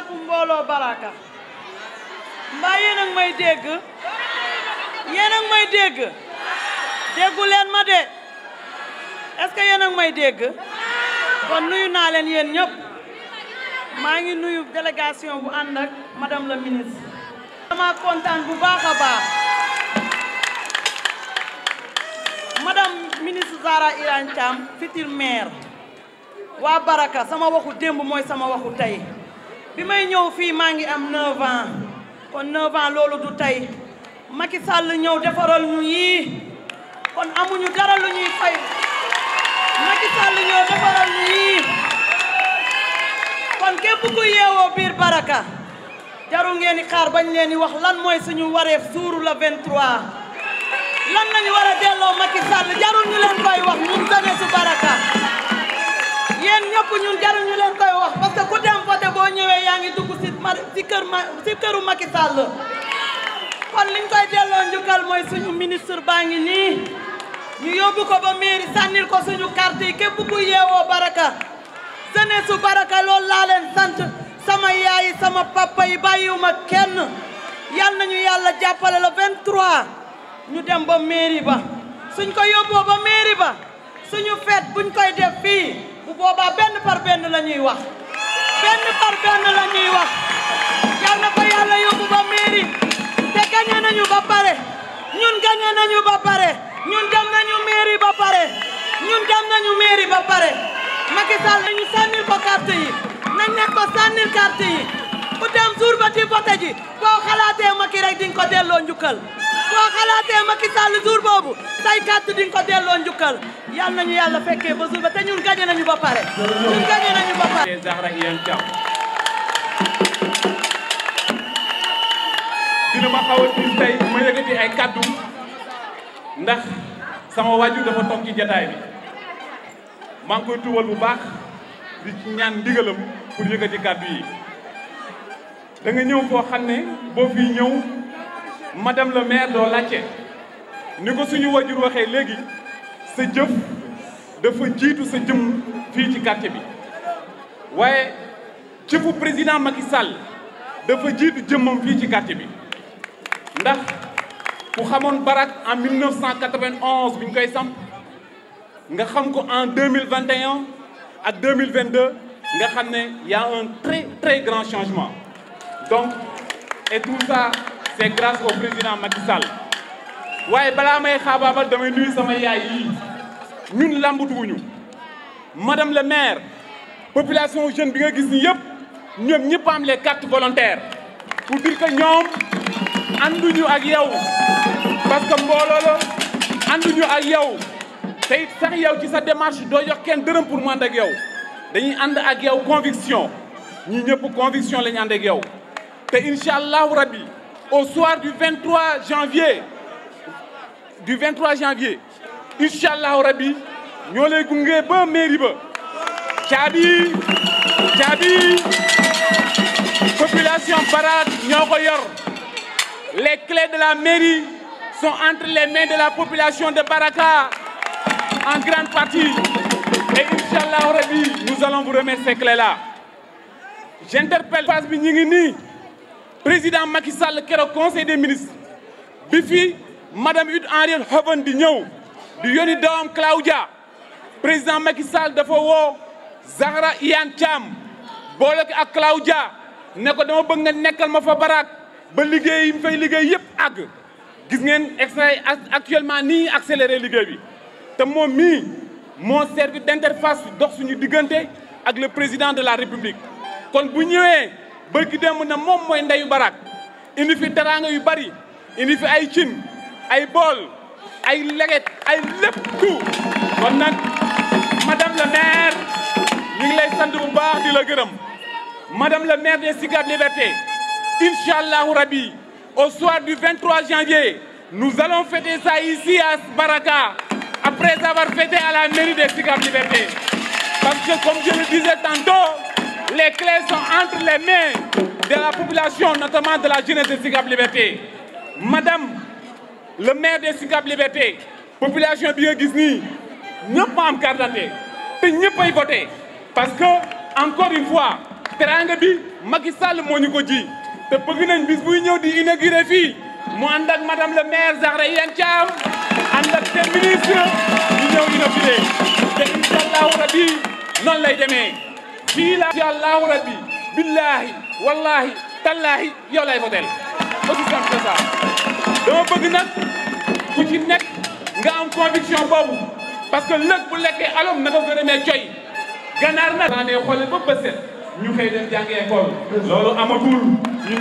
sëkku mbooloo baraka mbaa yéen a may dégg yéen may dégg déggu ma de est que yéen a ngi may dégg kon nuyu naa leen yéen ñëpp maa ngi nuyu délégation bu ànd ak madame la ministre dama kontaan bu baax a baax madame ministre Zahra Iyane Thiam future maire waa Baraka sama waxu démb mooy sama waxu tey bi may ñëw fii maa ngi am 9 ans kon 9 ans loolu du tey Macky Sall defaral ñu yii kon amuñu dara lu ñuy fay Macky Sall defaral ñu yii kon képp ku yeewoo biir baraka jaru ngeen di bañ leen di wax lan mooy suñu wareef suuru la 23. lan lañu war a delloo Macky Sall ñu leen koy wax ñun sene baraka yéen ñëpp ñun ñu leen koy wax parce ku dem côté boo ñëwee yaa ngi dugg si ma si kër ma si koy delloo njukkal mooy suñu ministre baa ngi nii ñu yóbbu ba mairie sànnil ko suñu carte yi képp baraka jeunesse baraka loolu laa leen sama yaay sama papa yi kenn yal nañu yàlla jàppale le 23 ñu dem ba mairie ba suñ ko yóbboo ba mairie ba suñu feet buñ koy def fii bu benn par benn la ñuy benn par benn la ñuy wax yal na ko yàlla yóbbu ba mairie te gagné nañu ba pare ñun gagné nañu ba pare ñun dem nañu mairie ba pare ñun dem nañu mairie ba pare Macky Sall nañu sànnil ko carte yi nañ ne ko sànnil carte yi ku dem jour ba ci vote ji boo xalaatee Macky rek di nga ko delloo njukkal boo xalaatee Macky Sall jour boobu say kàddu di nga ko delloo njukkal yal yàlla fekkee ba jour ñun gañe nañu ba pare ñun gañe nañu ba pare Zahra Iyane Thiam dina a tiis tey ma yëkkati ay kàddu ndax sama waajur dafa toog ci jataay bi maa ngi koy tuubal bu baax di ci ñaan ndigalam pour yëkkati kàddu yi da nga ñëw foo xam ne boo fii ñëw madame le maire doo laajte ni ko suñu wajur waxee léegi sa jëf dafa jiitu sa jëm fii ci quartier bi waaye jëfu président Macky Sall dafa jiitu jëmmam fii ci quartier bi ndax ku xamoon barak en 1991 bi ñu koy samp nga xam ko en 2021 ak 2022 nga xam ne y a un très très grand changement donc et tout ça c' est grâce au président Macky waaye balaa may xaabaabal damay nuyu sama yaay yii ñun làmbatuwuñu madame le maire population jeune bi nga gis ni yëpp ñoom ñëpp am les cartes volontaires pour dire que ñoom ànduñu ak yow parce que mbooloo la ànduñu ak yow te it sax ci sa démarche doo jox kenn dërëm pour mu ànd ak yow dañuy ànd ak yow conviction ñi ñëpp conviction la ñu te incha rabbi au soir du 23 janvier du 23 janvier incha allahu rabi ñoo lay gunge ba mairie caabi caabi population Barade ñoo les clés de la mairie sont entre les mains de la population de Baraka en grande partie et incha allahu nous allons vous remettre ces clés là j'interpelle phase bi ñu président Macky Sall keroog conseil des ministres bi fii madame Hütte Henriette Hoven di ñëw di yónni doom Claudia président Macky Sall dafa woo Zahra Iyane Thiam boo ko ak Claudia ne ko dama bëgg nekkal ma fa baraak ba liggéey yi fay liggéey yëpp àgg gis ngeen extrait actuellement nii accéléré liggéey bi te moom mii moo servi d'interface dox suñu diggante ak le président de la république kon bu ñëwee bërki démb na moom mooy ndeyu baraak indi fi teraanga yu bari indi fi ay cin ay bool ay leget ay lépp tout nag madame la maire ñu ngi lay sant bu baax di la gërëm madame la maire de Sicap Liberté incha allahu rabi au soir du 23 janvier nous allons fêter Baraka après avoir fêté à la mairie de Sicap Liberté parce que comme je le disais tantôt Les clés sont entre les mains de la population, notamment de la jeunesse de Sicap Liberté. Madame le maire de Sicap Liberté population bi nga gis nii ñëpp am carte te ñëpp ay voté parce que encore une fois teranga bi Macky Sall ko ji te bëgg nañ bis buy ñëw di inauguré fii mu ànd ak madame le maire Zahra Iyane Thiam ànd ak seen ministre ñu ñëw te incha allahu rabi noonu lay demee. kii laa incha allahu rabbi billahi wallahi tallahi yow lay votel aussi simple que ça dama bëgg nag ku ci nekk nga am conviction boobu parce que lëg bu lekkee alom na nga ko demee coy ganaar na naa ne xoole ba ba set ñu xëy dem jàngi école loolu amatul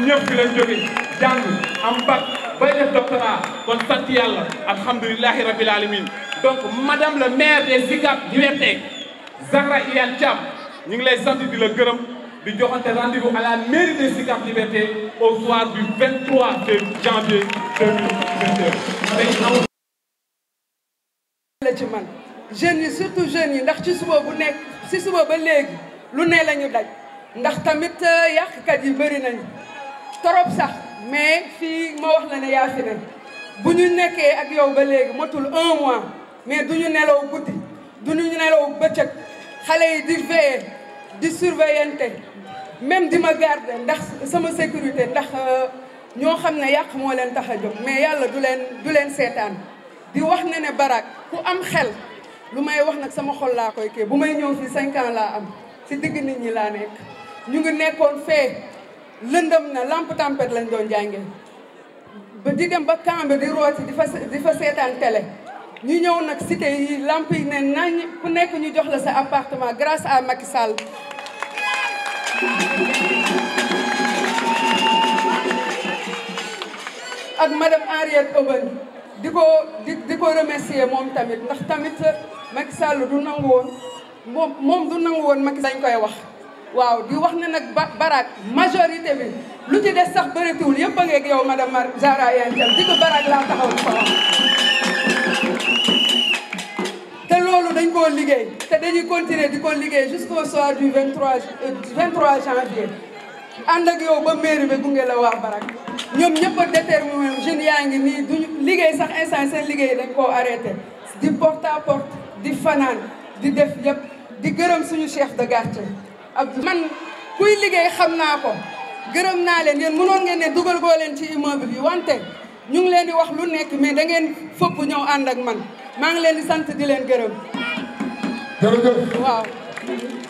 ñëpp fi lañ jóge jàng am bac bay def doctorat kon sant yàlla alhamdulilahi rabbil alamin donc madame le maire des Sicap Liberté Zahra Iyane Thiam ñu ngi lay sant di la di joxante rendez-vous à la mairie de Sicap Liberté au soir du ci man jeunes yi surtout jeunes yi ndax ci suba bu nekk si suba ba léegi lu ne lañu daj ndax tamit euh, yàqkat yi bëri nañu trop sax mais fi ma wax la ne yaa bu ñu nekkee ak yow ba léegi matul un mois mais du ñu nelaw guddi du ñu nelaw bëccëg xale yi di veillé. di surveillante même di ma garder ndax sama sécurité ndax euh, ñoo xam ne yàq moo leen tax a jóg mais yàlla du leen du leen seetaan di wax ne ne barak ku am xel lu may wax nag sama xol laa koy kii bu may ñëw fii cinq laa am ci digg nit ñi laa nekk ñu ngi nekkoon fee lëndëm na lampe tempête lañ doon jàngee ba di dem ba camp di rooti di fa di fa seetaan tele ñu ñëw nag cité yi làmp yi ne nañ ku nekk ñu jox la sa appartement grace à Macky Sall ak madame Henriette Aubane di ko di remercier moom tamit ndax tamit Macky Sall du nangu moom moom du nangu woon Macky dañ koy wax waaw di wax ne nag ba Barak majorité bi lu ci des sax bëreetiwul yëpp a ngeeg yow madame Zahra Iyane Thiam digg Barak laa taxaw di wax loolu dañ koo liggéey te dañuy continuer di ko liggéey jusqu'au soir du 23 23 euh, janvier ànd ak yow ba mairie bi gunge la waa Barak ñoom ñëpp a déterminé jeunes yaa ngi nii ñu liggéey sax instant seen liggéey dañ koo arrêté di porte à porte di fanaan di def yëpp di gërëm suñu chef de quartier Abdou man kuy liggéey xam naa ko gërëm naa leen yéen mënoon ngeen ne dugal goo leen ci immeuble bi wante ñu ngi leen di wax lu nekk mais da ngeen fëpp ñëw ànd ak man maa ngi leen di sant di leen gërëm. jërëjëf waaw.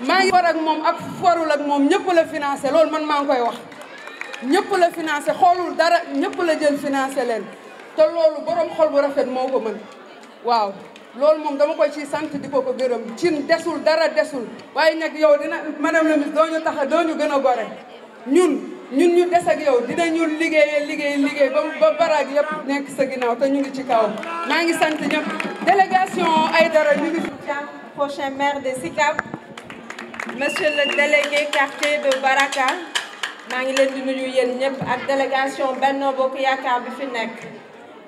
maa ngi moom ak forul ak moom ñëpp la financé loolu man maa ngi koy wax ñëpp la financé xoolul dara ñëpp la jël financé leen te loolu borom xol bu rafet moo ko mën waaw. loolu moom dama koy ci sant di ko ko gërëm cin desul dara desul waaye nag yow dina madame la ministre doo ñu tax a doo ñu gën a gore ñun. ñun ñu des ak yow dinañu liggéeyee liggéey liggéey ba ba baraag yëpp nekk sa ginnaaw te ñu ngi ci kaw maa ngi sant ñëpp délégation Aïdara ñu ngi prochain maire de Sicap monsieur le délégué quartier de Baraka maa ngi leen di nuyu yéen ñëpp ak délégation Benno Bokk Yaakaar bi fi nekk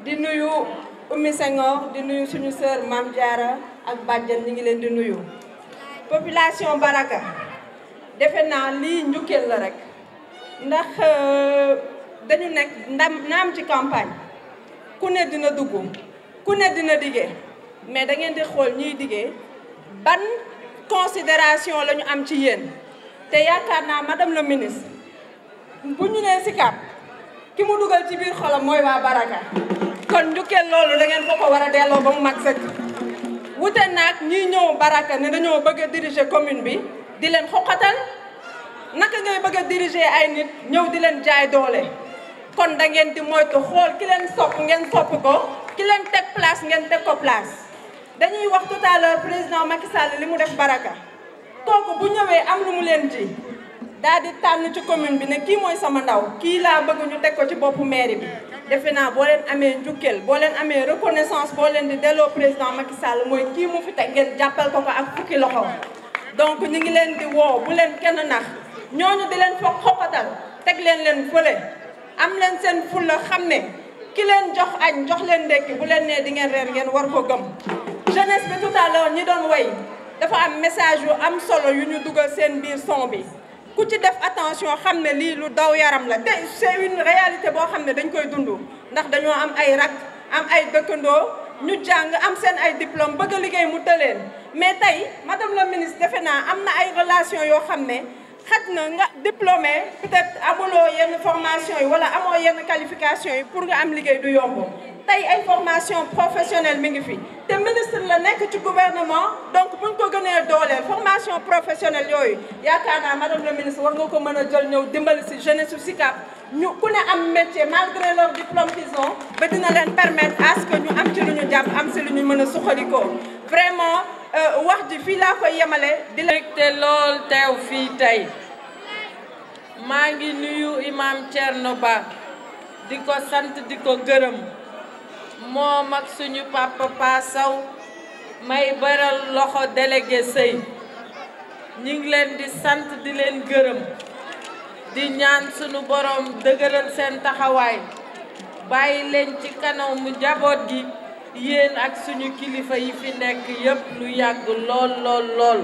di nuyu Oumy Senghor di nuyu suñu sœur Mame Diarra ak Badiane ñu ngi leen di nuyu population Baraka defe naa lii njukkeel la rek ndax euh, dañu nekk ndam naam ci campagne ku ne dina dugg ku ne dina diggee mais da ngeen di xool ñuy diggee ban considération la ñu am ci yéen te yaakaar naa dem la ministre bu ñu nee Sicap ki mu dugal ci biir xolam mooy waa Baraka kon njukkee loolu da ngeen ko ko war a delloo ba mu mag sëkk wute naag ñiy ñëw Baraka ne dañoo bëgg a diriger commune bi di leen xoqatal naka ngay bëgg a diriger ay nit ñëw di leen jaay doole kon da ngeen di moytu xool ki leen sopp ngeen sopp ko ki leen teg place ngeen teg ko place dañuy wax tout à président Macky Sall li mu def baraka kooku bu ñëwee am lu mu leen ji daal di tànn ci commune bi ne kii mooy sama ndaw kii laa bëgg ñu teg ko ci boppu mairie bi defe naa boo leen amee njukkeel boo leen amee reconnaissance boo leen di delloo président Macky Sall mooy kii mu fi teg ngeen jàppal ko ko ak fukki loxo donc ñu ngi leen di woo bu leen kenn nax ñooñu di leen fa xoppatal teg leen leen fële am leen seen fulla xam ne ki leen jox añ jox leen ndekki bu leen nee di ngeen reer ngeen war ko gëm. jeunesse bi tout à l'heure ñi doon way dafa am message yu am solo yu ñu dugal seen biir son bi ku ci def attention xam ne lii lu daw yaram la te c'est une réalité boo xam ne dañ koy dund ndax dañoo am ay rak am ay dëkkandoo. ñu jàng am seen ay diplôme bëgg liggéey mu tëleen mais tey madame la ministre defe naa am na ay relation yoo xam ne xaj na nga diplômé peut-être amuloo yenn formation yi wala amoo yenn qualification yi pour nga am liggéey du yomb tey ay formation professionnelle mi ngi fi te ministre la nekk ci gouvernement donc buñ ko gënee dooleel formation professionnelle yooyu yaakaar naa madame la ministre war nga ko mën a jël ñëw dimbali si jeunesse su SICAP ñu ku ne am métier malgré leur diplôme qu'ils ont ba dina leen permettre à ñu am ci lu ñu jàpp am si lu ñu mën a suqalikoo vraiment euh, wax ji fii laa koy yemale di la. te lool fii tey. maa ngi nuyu imam Thierno Ba di ko sant di ko gërëm moom ak suñu papa Pa Saw may bëral loxo delege sëy ñi ngi leen di sant di leen gërëm di ñaan sunu borom dëgëral seen taxawaay bàyyi leen ci kanamu njaboot gi yéen ak suñu kilifa yi fi nekk yépp lu yàgg lool lool lool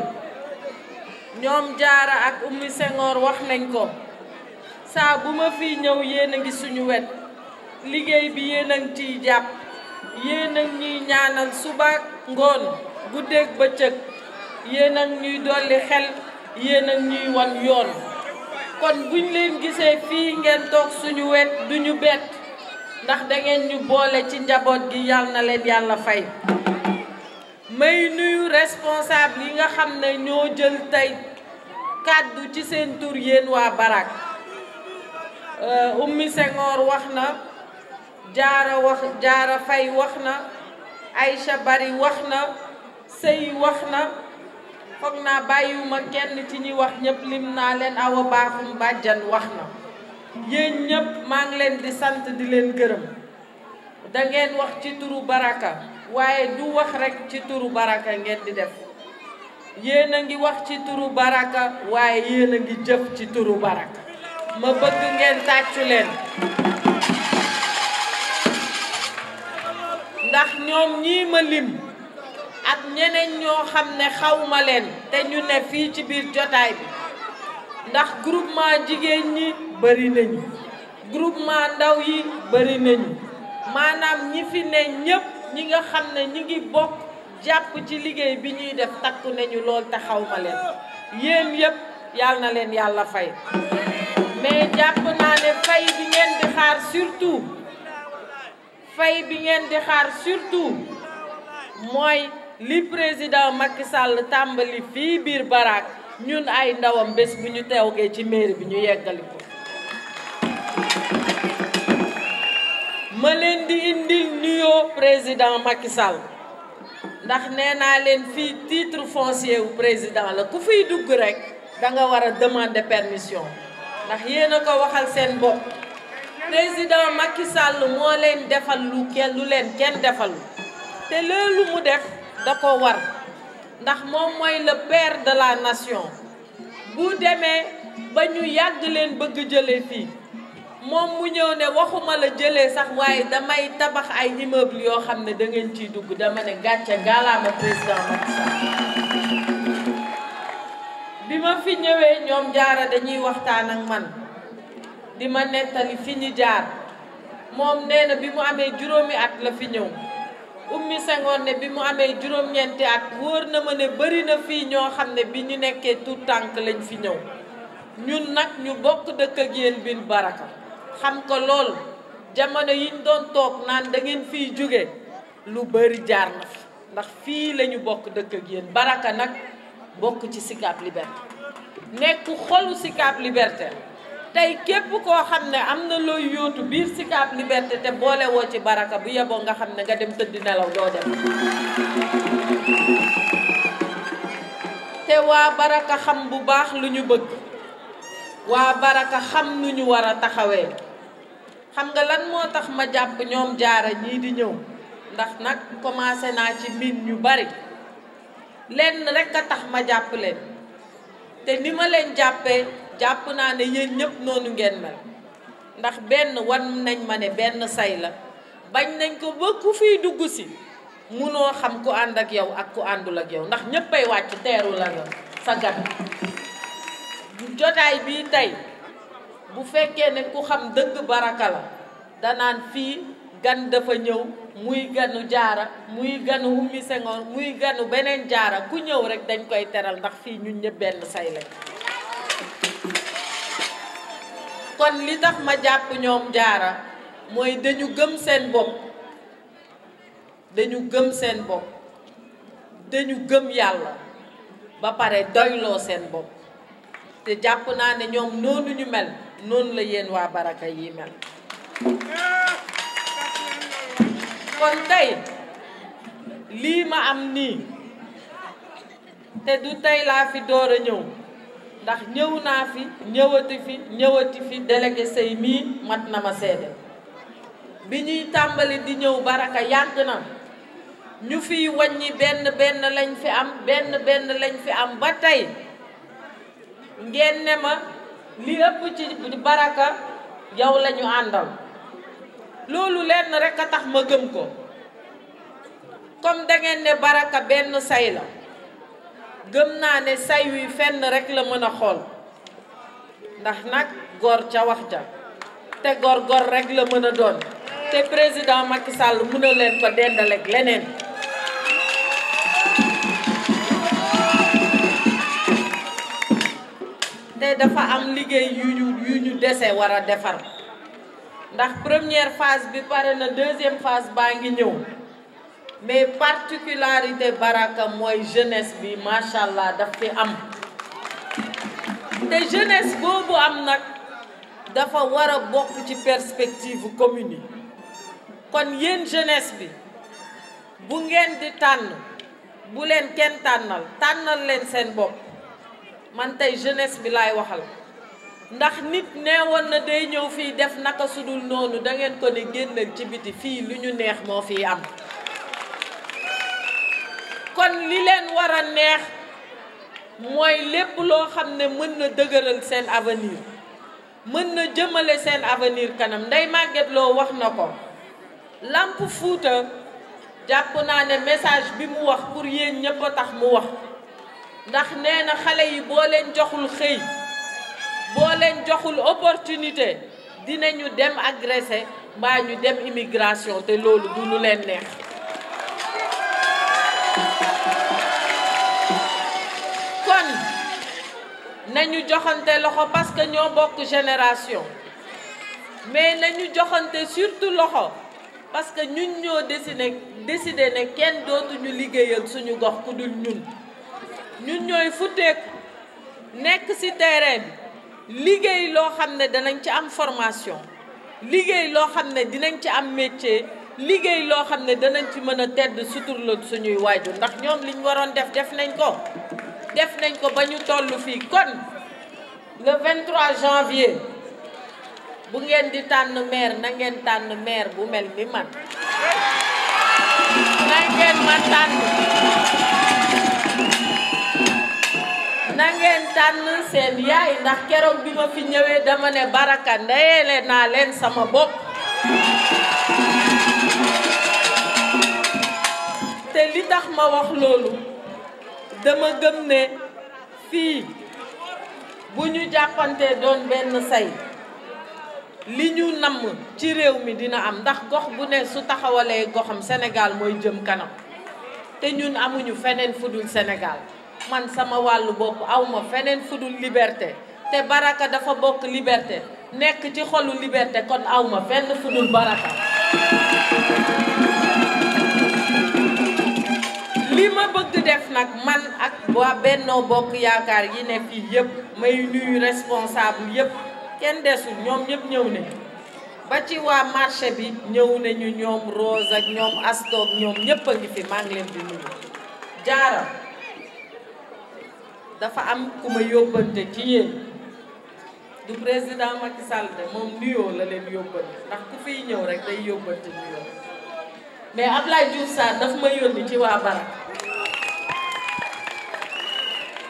ñoom jaara ak ummi sengoor wax nañ ko saa bu ma fi ñëw yéen a ngi suñu wet liggéey bi yéen a ngi ciy jàpp yéen a ngi ñaanal suba ngoon guddeeg bëccëg yéen a ngi ñuy dolli xel yéen a ngi ñuy wan yoon kon buñ leen gisee fii ngeen toog suñu wet duñu bett ndax dangeen ñu boole ci njaboot gi yàlla na leen yàlla fay may nuyu responsable yi nga xam ne ñoo jël tey kàddu ci seen tur yéen waa barak Euh, Ummi Senghor wax na Jaara wax Jaara Fay wax na Aïcha Bari wax na Sëy wax na foog naa bàyyiwuma kenn ci ñi wax ñëpp lim naa leen awa baaxum bàjjan wax na yéen ñëpp maa ngi leen di sant di leen gërëm da ngeen wax ci turu baraka waaye du wax rekk ci turu baraka ngeen di def yéen a ngi wax ci turu baraka waaye yéen a ngi jëf ci turu baraka ma bëgg ngeen tàccu leen ndax ñoom ñii ma lim ak ñeneen ñoo xam ne xawma leen te ñu ne fii ci biir jotaay bi ndax groupement jigéen ñi bari nañu groupement ndaw yi bari nañu maanaam ñi fi ne ñépp ñi nga xam ne ñi ngi bokk jàpp ci liggéey bi ñuy def takku nañu lool te xawma leen yéen yépp yal na leen yàlla fay mais jàpp naa ne fay bi ngeen di xaar surtout fay bi ngeen di xaar surtout mooy li président Macky tàmbali fii biir Barak ñun ay ndawam bés bu ñu teewgee ci mairie bi ñu yeggali ko ma leen di indil nuyoo président Macky Sall ndax nee naa leen fii titre foncier wu président la ku fiy dugg rekk danga war a demander permission ndax yéen a ko waxal seen bopp président makki sàll moo leen defal lu kenn leen kenn defal te loolu mu def da ko war ndax moom mooy le père de la nation bu demee ba ñu yàgg leen bëgg jëlee fii moom mu ñëw ne waxuma la jëlee sax waaye damay tabax ay immeuble yoo xam ne da ngeen ciy dugg dama ne gàcce gaalaama président Macky Sall bi ma fi ñëwee ñoom jaara dañuy waxtaan ak man di ma nettali fi ñu jaar moom nee na bi mu amee juróomi at la fi ñëw ummi sangoon ne bi mu amee juróom-ñeenti at wóor na ma ne bari na fii ñoo xam ne bi ñu nekkee tout tànk lañ fi ñëw ñun nag ñu bokk dëkk ak yéen bin baraka xam ko lool jamono yiñ doon toog naan dangeen ngeen fiy jóge lu bari jaar na fi ndax fii lañu bokk dëkk ak yéen baraka nag bokk ci Sicap Liberté nekk xolu Sicap Liberté tey képp koo xam ne am na looy yóotu biir Sicap Liberté te boolewoo ci baraka bu yeboo nga xam ne nga dem tëdd nelaw doo dem te waa baraka xam bu baax lu ñu bëgg waa baraka xam nu ñu war a taxawee xam nga lan moo tax ma jàpp ñoom jaara ñii di ñëw ndax nag commencé naa ci miin ñu bari lenn rek a tax ma jàpp leen te ni ma leen jàppe jàpp naa ne yéen ñépp noonu ngeen mel ndax benn wan nañ ma ne benn say la bañ nañ ko ba ku fiy dugg si munoo xam ku ànd ak yow ak ku àndul ak yow ndax ñëppay wàcc teeru la nga sa gan jotaay bii tey bu fekkee ne ku xam dëgg baraka la danaan fii gan dafa ñëw muy ganu jaara muy ganu Oumy Senghor muy ganu beneen jaara ku ñëw rekk dañ koy teral ndax fii ñun ñëpp benn say lañ kon li tax ma jàpp ñoom jaara mooy dañu gëm seen bopp dañu gëm seen bopp dañu gëm yàlla ba pare doyloo seen bopp te jàpp naa ne ñoom noonu ñu mel noonu la yéen waa baraka yi mel kon tey lii ma am nii te du tey laa fi door a ñëw ndax ñëw naa fi ñëwati fi ñëwati fi délégué sey mii mat na ma seede bi ñuy tàmbali di ñëw baraka yàgg na ñu fiy wàññi benn benn lañ fi am benn benn lañ fi am ba tey ngeen ne ma li ëpp ci baraka yow la àndal loolu lenn rekk a tax ma gëm ko comme da ne baraka benn say la gëm naa ne say wi fenn rekk la mën a xool ndax nag góor ca wax ja te góor góor rek la mën a doon te président Macky Sall mën a leen ko dendaleeg leneen te dafa am liggéey yu ñu yu ñu dese war a defar ndax première phase bi pare na deuxième phase baa ngi ñëw mais particularité Baraka mooy jeunesse bi macha allah daf fi am te jeunesse boobu am nag dafa war a bokk ci perspective commune yi kon yéen jeunesse bi bu ngeen di tànn bu leen kenn tànnal tànnal leen seen bopp man tey jeunesse bi laay waxal ndax nit nee woon na day ñëw fii def naka sudul noonu dangeen ko ne génnal ci biti fii lu ñu neex moo fi am kon li leen war a neex mooy lépp loo xam ne mën na dëgëral seen avenir mën na jëmale seen avenir kanam ndey màggetloo wax na ko Lamp Fuuta jàpp naa ne message bi mu wax pour yéen ñëpp ko tax mu wax ndax nee na xale yi boo leen joxul xëy boo leen joxul opportunité dinañu dem ak agressé mbaa ñu dem immigration te loolu du leen neex kon nañu joxante loxo parce que ñoo bokk génération mais nañu joxante surtout loxo parce que ñun ñoo décidé décidé ne kenn dootuñu liggéeyal suñu gox ku dul ñun ñun ñooy futteeku nekk ci terrain bi liggéey loo xam ne danañ ci am formation liggéey loo xam ne dinañ ci am métier liggéey loo xam ne danañ ci mën a tedd suturloog suñuy waajur ndax ñoom liñ waroon def def nañ ko def nañ ko ba ñu toll fii kon le 23 janvier bu ngeen di tànn meer na ngeen tànn meer bu mel ni man na ngeen tànn nangeen ngeen tànn seen yaay ndax keroog bi ma fi ñëwee dama ne baraka ndeyeele naa leen sama bopp te li tax ma wax loolu dama gëm ne fii bu ñu jàppante doon benn say li ñu namm ci réew mi dina am ndax gox bu ne su taxawalee goxam senegaal mooy jëm kanam te ñun amuñu feneen fu dul Sénégal man sama wàllu bopp awma feneen fudul liberté te baraka dafa bokk liberté nekk ci xolu liberté kon awma fenn fudul baraka li ma bëgg def nag man ak waa Bennoo Bokk Yaakaar yi ne fii yëpp may nuyu responsable yëpp kenn desul ñoom ñëpp ñëw ne ba ci waa marché bi ñëw nañu ñoom Rose ak ñoom Astoog ñoom ñëpp a ngi fi maa ngi leen di nuyu jaara dafa am ku ma yóbbante ci yéen du président Macky Sall moom nuyoo la leen yóbbante ndax ku fiy ñëw rek day yóbbante nuyoo mais Ablaye Diouf Sarr daf ma yónni ci waa Barak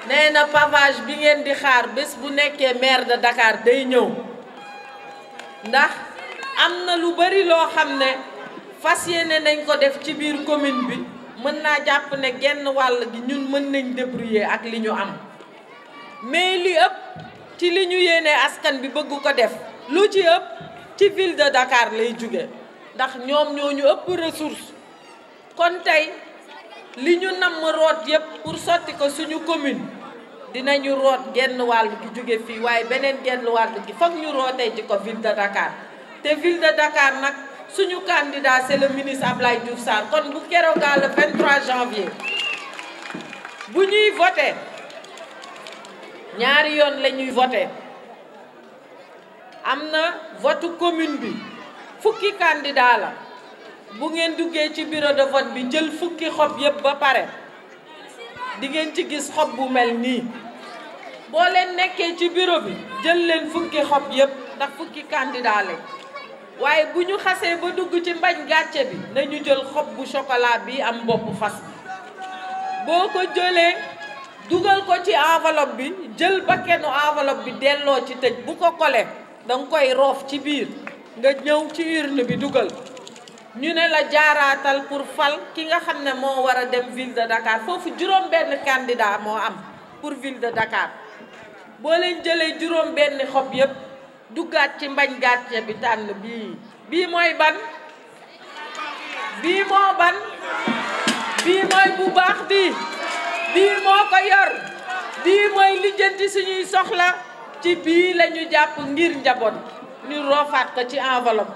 nee na pavage bi ngeen di xaar bés bu nekkee maire de Dakar day ñëw ndax am na lu bari loo xam ne fas yéene nañ ko def ci biir commune bi mën naa jàpp ne genn wàll gi ñun mën nañ débrouiller ak li ñu am mais li ëpp ci li ñu yéene askan bi bëgg ko def lu ci ëpp ci ville de Dakar lay jóge ndax ñoom ñoo ñu ëpp ressource kon tey li ñu namm root yëpp pour sotti ko suñu commune dinañu root genn wàll gi jóge fii waaye beneen genn wàll gi foog ñu rootee ci ko ville de Dakar te ville Dakar nag suñu candidat c'est le ministre Ablaye Diouf Sarr kon bu keroogaa le 23 janvier bu ñuy voté ñaari yoon lañuy ñuy voté am na votu commune bi fukki candidat la bu ngeen duggee ci bureau de vote bi jël fukki xob yépp ba pare dingeen ci gis xob bu mel nii boo leen nekkee ci bureau bi jël leen fukki xob yépp ndax fukki candidat lañ waaye bu ñu xasee ba dugg ci mbañ gàcce bi nañu jël xob bu chocolat bi am bopp fas boo ko jëlee dugal ko ci enveloppe bi jël kenn enveloppe bi delloo ci tëj bu ko kole danga koy roof ci biir nga ñëw ci urne bi dugal ñu ne la jaaraatal pour fal ki nga xam ne moo war a dem ville de Dakar foofu juróom benn candidat moo am pour ville de Dakar boo leen jëlee juróom benn xob yépp duggaat ci mbañ gàcce bi tànn bii bii mooy ban bii moo ban bii mooy bu baax bii bii moo ko yor bii mooy lijjanti suñuy soxla ci bii lañu jàpp ngir njaboot ñu roofaat ko ci enveloppe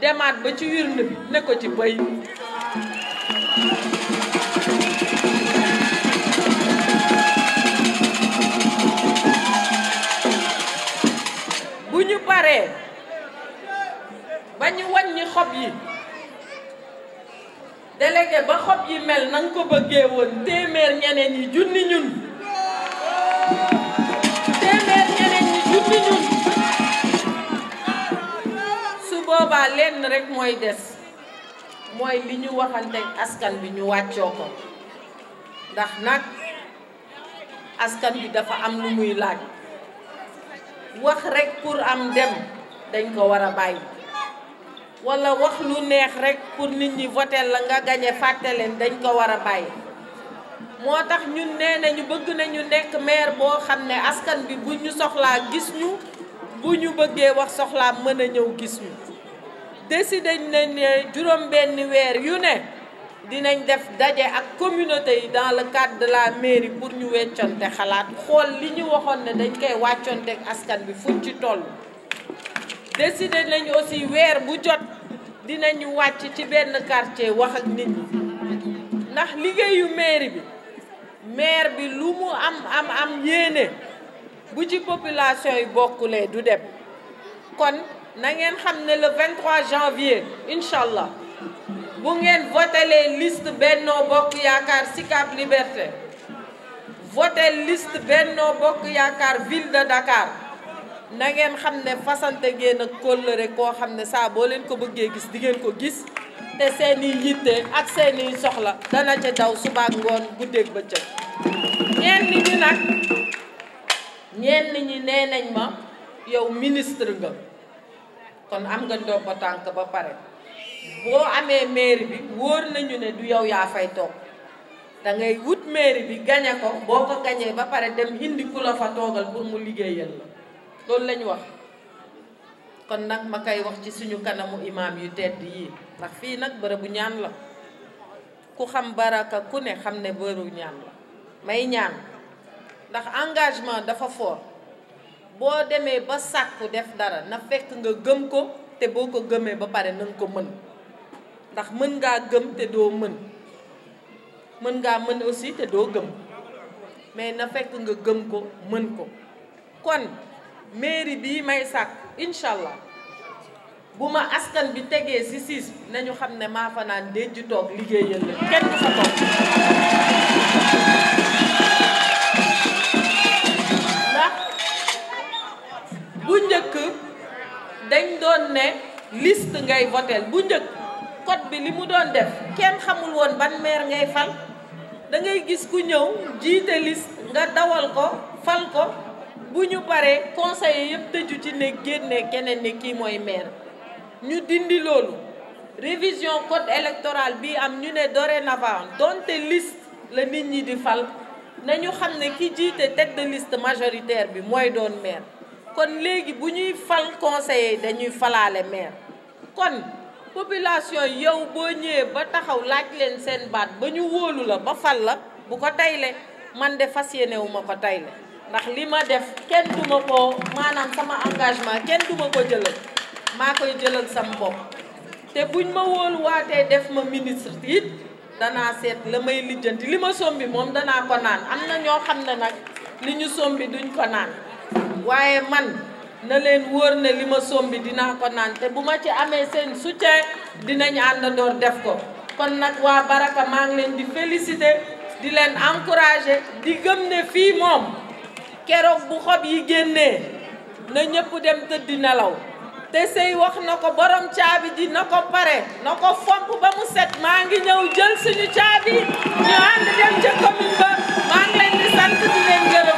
demaat ba ci wirnde bi ne ko ci bëy naqaree ba ñu wàññi xob yi délégué ba xob yi mel na ko bëggee woon téeméer ñeneen yi junni ñun su boobaa lenn rekk mooy des mooy li ñu waxante askan bi ñu wàccoo ko ndax nag askan bi dafa am lu muy laaj wax rekk pour am dem dañ ko war a bàyyi wala wax lu neex rek pour nit ñi voter la nga gañe fàtte leen dañ ko war a bàyyi moo tax ñun nee nañu bëgg nañu nekk maire boo xam ne askan bi bu ñu soxlaa gis ñu bu ñu bëggee wax soxlaa mën a ñëw gis ñu décider nañ ne juróom benn weer yu ne dinañ def daje ak communauté yi dans le cadre de la mairie pour ñu wecconte xalaat xool li ñu waxoon na dañ koy wàcconte ak askan bi fuñ ci toll décidé nañ aussi weer bu jot dinañu wàcc ci benn quartier wax ak nit ñi ndax liggéeyu mairie bi maire bi lu mu am am am yéene bu ci population yi bokkulee du dem kon na ngeen xam ne le 23 janvier incha allah bu ngeen votelee liste Benno Bokk Yaakaar Sicap Liberté voté liste Benno Bokk Yaakaar ville Dakar na ngeen xam ne fasante ngeen ak kóllëre koo xam ne saa boo leen ko bëggee gis di ngeen ko gis te seeni yitte ak seeni soxla dana ca daw suba ak ngoon guddeeg bëccëg ñenn ñi nag ñenn ñi nee ma yow ministre nga kon am nga ndomba tànk ba pare boo amee mairie bi wóor nañu ne du yow yaa fay toog da ngay wut mairie bi gañe ko boo ko gañee ba pare dem indi la fa toogal pour mu liggéeyal la loolu lañu wax kon nag ma koy wax ci suñu kanamu imaam yu tedd yi ndax fii nag bërëbu ñaan la ku xam baraka ku ne xam ne bërëbu ñaan la may ñaan ndax engagement dafa fort boo demee ba sàkku def dara na fekk nga gëm ko te boo ko gëmee ba pare na nga ko mën ndax mën ngaa gëm te doo mën mën ngaa mën aussi te doo gëm mais na fekk nga gëm ko mën ko kon mairie bii may sàkk incha bu ma askan bi tegee si siis nañu xam ne maa fa naan denc toog liggéeyal la kenn du fa bu njëkk dañ doon ne liste ngay votel bu njëkk code bi li mu doon def kenn xamul woon ban maire ngay fal da gis ku ñëw jiite liste nga dawal ko fal ko bu ñu paree conseiller yëpp tëju ci ne génne keneen ne kii mooy maire ñu dindi loolu révision code électoral bi am ñu ne dorénavant donte liste la nit ñi di fal nañu xam ne ki jiite tête de liste majoritaire bi mooy doon maire kon léegi bu ñuy fal conseiller dañuy falaale maire kon population yow boo ñëwee ba taxaw laaj leen seen baat ba ñu wóolu la ba fal la bu ko tayle man de fas yéene ko tayle ndax li ma def kenn du ma ko maanaam sama engagement kenn du ko jëlal maa koy jëlal sama bopp te buñ ma wóolu waatee def ma ministre it danaa seet la may lijjanti li ma sombi moom danaa ko naan am na ñoo xam ne nag li ñu sombi duñ ko naan waaye man na leen wóor ne li ma sombi dina ko naan te bu ma ci amee seen soutien dinañ àndandoor def ko kon nag waa Baraka maa ngi leen di féliciter di leen encourager di gëm ne fii moom keroog bu xob yi génnee na ñëpp dem tëddi nelaw te sey wax na ko borom caabi ji na ko pare na ko fomp ba mu set maa ngi ñëw jël suñu caabi ñu ànd dem ca commune ba maa ngi leen di sant di leen gërëm